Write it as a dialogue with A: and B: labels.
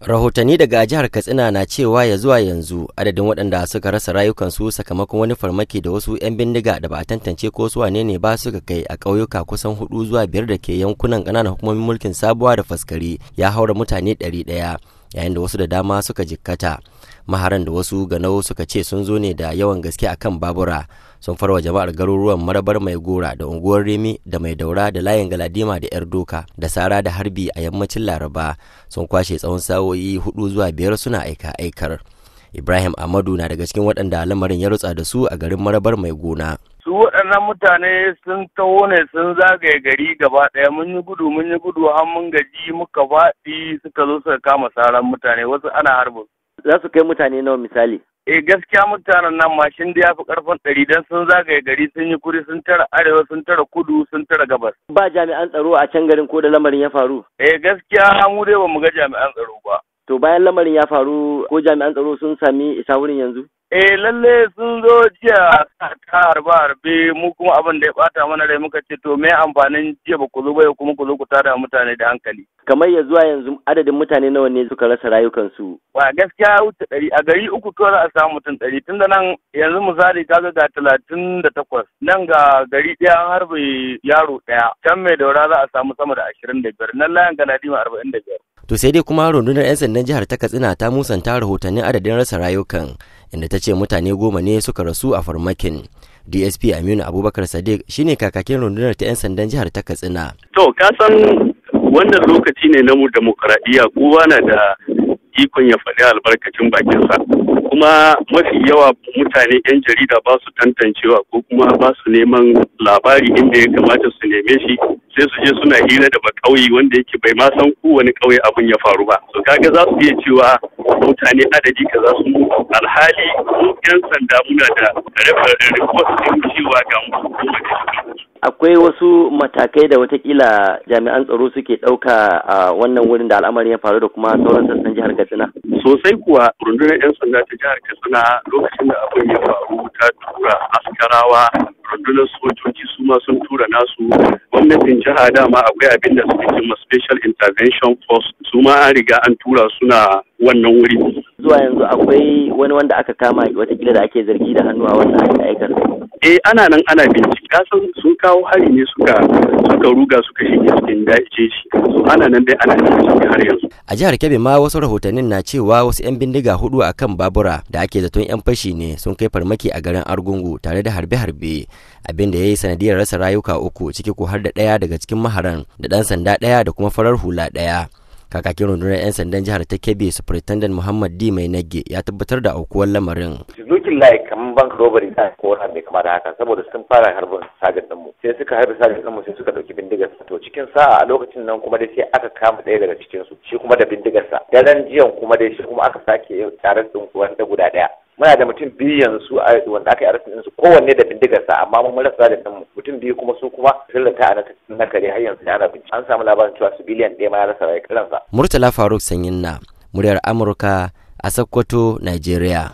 A: rahotanni daga jihar katsina na cewa ya zuwa yanzu adadin waɗanda suka rasa rayukansu sakamakon wani farmaki da wasu 'yan bindiga da ba a tantance ko su wane ne ba suka kai a ƙauyuka kusan hudu zuwa biyar da ke yankunan ƙananan hukumomin mulkin sabuwa da faskari ya haura mutane ɗari ɗaya yayin da wasu da dama suka jikkata maharan da wasu ganau suka ce sun zo ne da yawan gaske akan babura sun farwa jama'ar garuruwan marabar mai gora da unguwar remi da mai daura da layin galadima da yar doka da sara da harbi a yammacin laraba sun kwashe tsawon sa'o'i hudu zuwa biyar suna aika aikar ibrahim amadu na daga cikin waɗanda lamarin ya rutsa da su a garin marabar mai gona
B: su waɗannan mutane sun taho ne sun zagaye gari gaba ɗaya mun yi gudu mun yi gudu har mun gaji muka faɗi suka zo suka kama sauran
C: mutane wasu ana harbin za su kai mutane nawa misali eh
B: gaskiya mutanen nan mashin da ya fi karfin ɗari don sun zagaye gari sun yi kuri sun tara arewa sun tara kudu sun tara gabas.
C: Ba jami'an tsaro a can garin ko da lamarin ya faru?
B: Eh gaskiya mu dai ba mu ga jami'an tsaro ba.
C: To bayan lamarin ya faru ko jami'an tsaro sun sami isa wurin yanzu?
B: eh lalle sun zo jiya ta harba harbe mu kuma abin da ya bata mana rai muka ce to me amfanin jiya ba ku zo bai kuma ku zo ku tada mutane da hankali
C: kamar ya zuwa yanzu adadin mutane nawa ne suka rasa rayukansu
B: ba gaskiya wuce ɗari a gari uku to za a samu mutum ɗari tun da nan yanzu misali ka ga talatin da takwas nan ga gari ɗaya an harbe yaro ɗaya can mai daura za a samu sama da ashirin da biyar nan layan ganadima arba'in da biyar
A: to sai dai kuma rundunar 'yan sandan jihar ta katsina ta musanta rahotannin adadin rasa rayukan inda ta ce mutane goma ne suka rasu a farmakin dsp aminu abubakar sadiq shine kakakin rundunar ta 'yan sandan jihar ta katsina
D: to san wannan lokaci ne na mu demokuraɗiyya kowa na da ikon ya faɗi albarkacin bakinsa kuma mafi yawa mutane 'yan jarida ba su tantancewa ko kuma ba su neman labari inda ya kamata su neme shi sai su je suna hira da bakauye wanda yake bai ma san kowane kauye abin ya faru ba to kaga za su iya cewa mutane adadi za su alhali yan sanda muna da report din cewa ga
C: akwai wasu matakai da watakila jami'an tsaro suke ɗauka a wannan wurin da al'amarin ya faru da kuma sauran sassan jihar katsina sosai kuwa rundunar 'yan sanda ta jihar katsina lokacin da abin ya faru
D: ta tura askarawa rundunar sojoji su ma sun tura nasu gwamnatin jiha dama akwai abin da suke ma special intervention force su ma an riga an tura
C: suna wannan wuri zuwa yanzu akwai wani wanda aka kama wata watakila da ake zargi da hannu a wannan aikin. eh ana nan ana bincike sun kawo hari ne suka
D: suka ruga suka shiga cikin daji shi so ana nan dai ana cikin har yanzu
A: a jihar Kebbi ma wasu rahotannin na cewa wasu yan bindiga hudu a kan babura da ake zaton yan fashi ne sun kai farmaki a garin Argungu tare da harbe-harbe abin da yi sanadiyar rasa rayuka uku ciki ko har da daya daga cikin maharan da dan sanda daya da kuma farar hula daya kakakin rundunar 'yan sandan jihar ta kebe superintendent muhammad d mai nage ya tabbatar da aukuwar lamarin
C: looking like kamar bank robbery da ko mai kama da haka saboda sun fara harbin sagan dinmu sai suka harbi sagan mu sai suka dauki bindigar to cikin sa'a a lokacin nan kuma dai sai aka kama ɗaya daga cikin su shi kuma da bindigar sa daren jiyan kuma dai shi kuma aka sake yau tare da wanda guda daya muna da mutum biyu yanzu wanda aka yi arzikin su kowanne da sa, amma mun rasa da mu mutum biyu kuma su kuma sirrinta a na kare har yanzu ana bincike an samu labarin cewa biliyan ɗaya ma ya rasa rayuwar kiransa.
A: Murtala Faruk Sanyin na muryar Amurka a Sokoto, Najeriya.